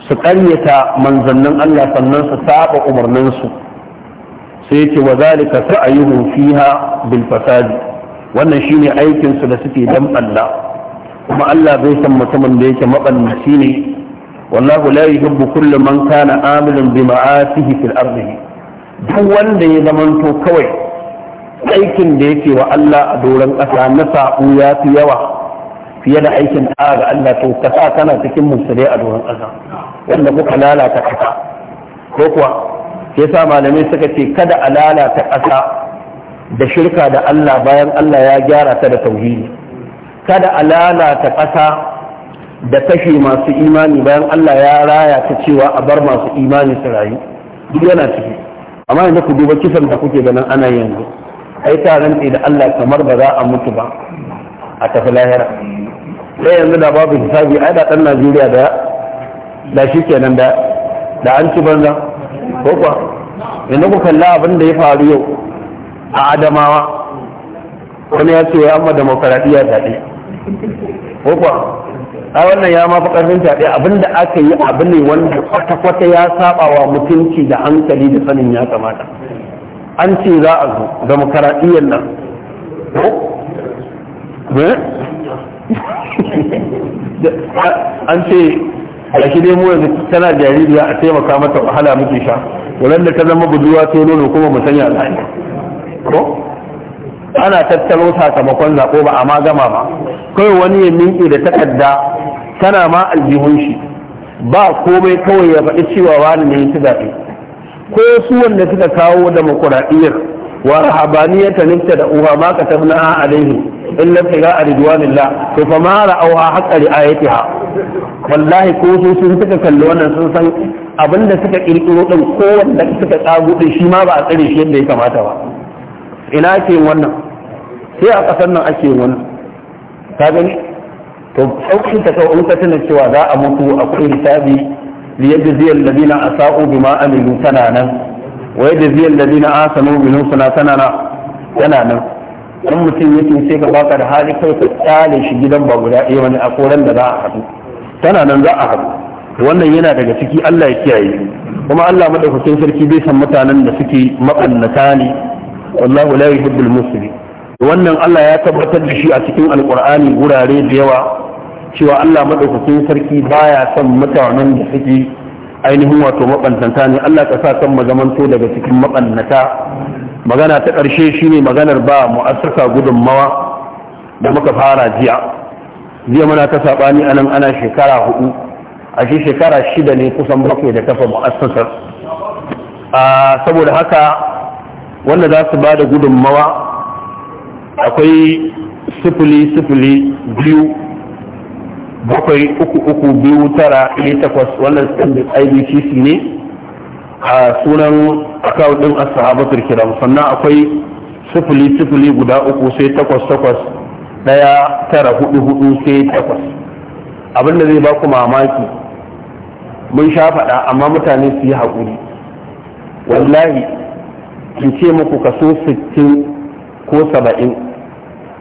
su karyata manzannin Allah sannan su saba umarninsu sai ce wa zalika sa'ayuhum fiha bil fasad wannan shine aikin su da suke dan Allah kuma Allah bai san mutumin da yake mabannaci ne wallahu la yuhibbu kullu man kana amilan bi ma'asihi fil ardi duk wanda ya zamanto kawai aikin da yake wa Allah a doron ƙasa na sa'u ya fi yawa fiye da aikin a ga Allah to ka sa kana cikin musulai a doron ƙasa wanda kuka lalata ƙasa ko kuwa ya sa malamai suka ce kada a lalata ƙasa da shirka da Allah bayan Allah ya gyara ta da tauhidi kada a lalata ƙasa da kashe masu imani bayan Allah ya raya ta cewa a bar masu imani su rayu duk yana ciki amma yanzu ku duba kisan da kuke ganin ana yanzu ai ta rantse da Allah kamar ba za a mutu ba a tafi lahira sai yanzu da babu hisabi ai da dan Najeriya da da shi kenan da da an ci banza ko kuwa yanzu ku kalla abin da ya faru yau a adamawa wani ya ce ya amma demokaradiyya daɗe ko kuwa a wannan ya mafi ƙarfin fyaɗe abin da aka yi abu ne wanda kwata-kwata ya saba wa mutunci da hankali da sanin ya kamata an ce za a zo demokaradiyyar nan eh? an ce a shi mu yanzu tana jaririya a taimaka mata wahala muke sha wannan da ta zama buduwa ce nono kuma mu sanya al'ani ko ana tattalo sakamakon zaɓo ba a ma gama ba kai wani ya minke da takarda tana ma aljihun shi ba komai kawai ya faɗi cewa wani ne ya zaɓe ko su wanda suka kawo da makuraɗiyar wa rahabaniyata nifta da uha ma ka tafi na alaihi in lafi a ridwanillah to fa mara auha haƙa ri'ayatiha wallahi ko su sun suka kalli wannan sun san abinda suka kirkiro din ko wanda suka tsago din shi ma ba a tsare shi yadda ya kamata ba ina ake wannan sai a kasar nan ake wannan ka gani to sauƙin ta kawai in ka tuna cewa za a mutu akwai hisabi liyajzi alladhina asa'u bima aminu tana nan wa yajzi alladhina asanu minhum sana tana nan in mutum yake sai ka baka da hali kai ka tsale shi gidan ba guda ɗaya wani a koren da za a haɗu tana nan za a haɗu wannan yana daga ciki Allah ya kiyaye kuma Allah madaukakin sarki bai san mutanen da suke mabannata ne wallahu la yuhibbul muslimin wannan Allah ya tabbatar da shi a cikin alqur'ani wurare da yawa cewa Allah madaukakin sarki baya son mutanen da suke ainihin wato mabantanta ne Allah ka sa san mu zamanto daga cikin mabannata magana ta ƙarshe shine maganar ba mu'assasa gudunmawa da muka fara jiya jiya muna ta saɓani a nan ana shekara hudu a shi shekara shida ne kusan bakwai da kafa mu'assasar saboda haka wanda za su ba da gudunmawa akwai sifili sifili biyu bakwai uku uku biyu tara ɗaya takwas wannan standard ibtc ne a sunan akawun ɗin asahabatul kiram sannan akwai sifili sifili guda uku sai takwas takwas ɗaya tara hudu hudu sai takwas abin da zai ba ku mamaki mun sha faɗa amma mutane su yi haƙuri wallahi in ce muku kaso sittin ko saba'in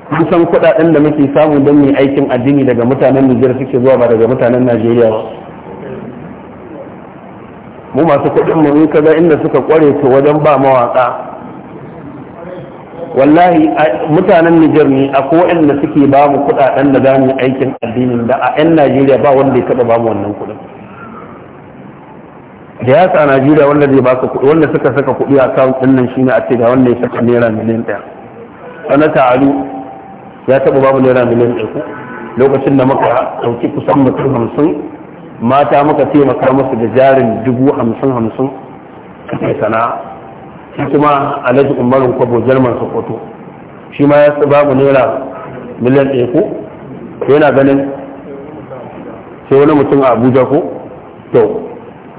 kusan kuɗaɗen da muke samu don mai aikin addini daga mutanen Nijar suke zuwa ba daga mutanen Najeriya ba mu masu kuɗin mu in kaga inda suka kware to wajen ba mawaƙa wallahi mutanen Nijar ne a akwai waɗanda suke ba mu kuɗaɗen da za mu aikin addinin da a 'yan Najeriya ba wanda ya taba ba mu wannan kudin Da ya sa Najeriya wanda zai baka kuɗi wanda suka saka kuɗi a account ɗin nan shine a ce ga wanda ya saka naira miliyan ɗaya. Sanata Ali ya taba ba mu naira miliyan ɗaya ko lokacin da muka ɗauki kusan mutum hamsin mata muka taimaka musu da jarin dubu hamsin hamsin sana'a. shi kuma alhaji umarin kwabo jarman sokoto shi ma ya su babu naira miliyan ɗaya ko yana ganin sai wani mutum a abuja ko to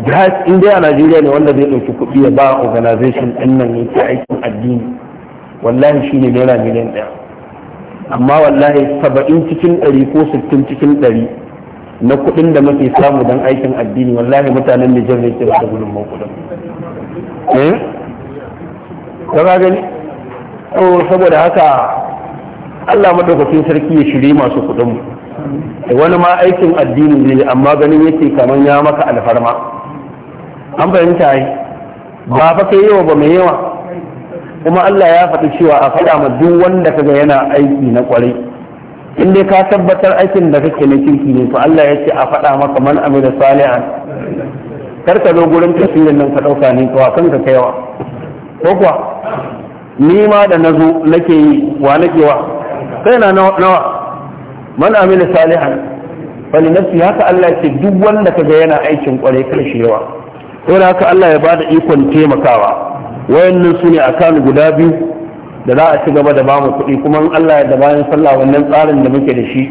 jihar indiya a najeriya ne wanda zai ɗauki kuɗi ya ba organization ɗin nan yake aikin addini wallahi shi ne naira miliyan ɗaya amma wallahi saba'in cikin ɗari ko sittin cikin ɗari na kuɗin da muke samu don aikin addini wallahi mutanen nijar ne ke da gudunmawa kuɗin eh? Gaba gani saboda haka Allah madaukakin sarki ya shirye masu kuɗin wani ma aikin addini ne amma ganin yake kamar ya maka alfarma an fahimta yi ba fa kai yawa ba mai yawa kuma Allah ya faɗi cewa a faɗa ma duk wanda kaga yana aiki na ƙwarai in dai ka tabbatar aikin da kake na kirki ne to Allah ya ce a faɗa maka man amila salihan kar ka zo gurin tafsirin nan ka ɗauka ne to a kanka kaiwa ko kuwa ni ma da nazo nake yi wa nake wa kai na nawa man amila salihan fali nafsi haka Allah ya ce duk wanda ka ga yana aikin kwarai karshe yawa ko da haka Allah ya bada ikon taimakawa wayannan su ne akan guda biyu da za a ci gaba da bamu kuɗi kuma Allah ya da bayan sallah wannan tsarin da muke da shi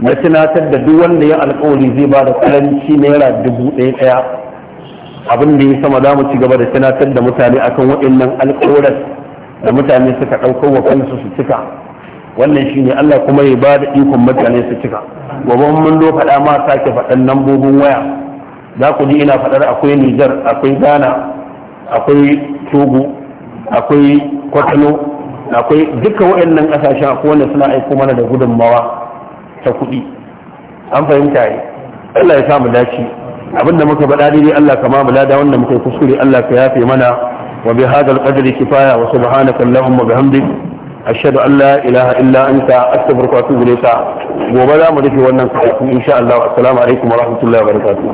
na tunatar da duk wanda ya alkawari zai ba da karanci naira dubu ɗaya ɗaya abin da ya sama za mu ci gaba da tunatar da mutane akan waɗannan alƙawarar da mutane suka ɗauko wa kansu su cika wannan shi ne Allah kuma ya ba da ikon mutane su cika gobe mun do faɗa ma sake faɗan lambobin waya za ku ji ina faɗar akwai Nijar akwai Ghana akwai Togo akwai Kwatano akwai duka waɗannan ƙasashen akwai wanda suna aiko mana da gudunmawa ta kuɗi an fahimta yi Allah ya sa mu dace abinda muka faɗa dai Allah kama mu da wanda muka kuskure Allah ka yafe mana wa bi hadal qadri kifaya wa subhanaka allahumma bihamdik ashhadu an la ilaha illa anta astaghfiruka wa atubu ilayka gobe za mu rufe wannan karatu insha Allah assalamu alaikum wa rahmatullahi wa barakatuh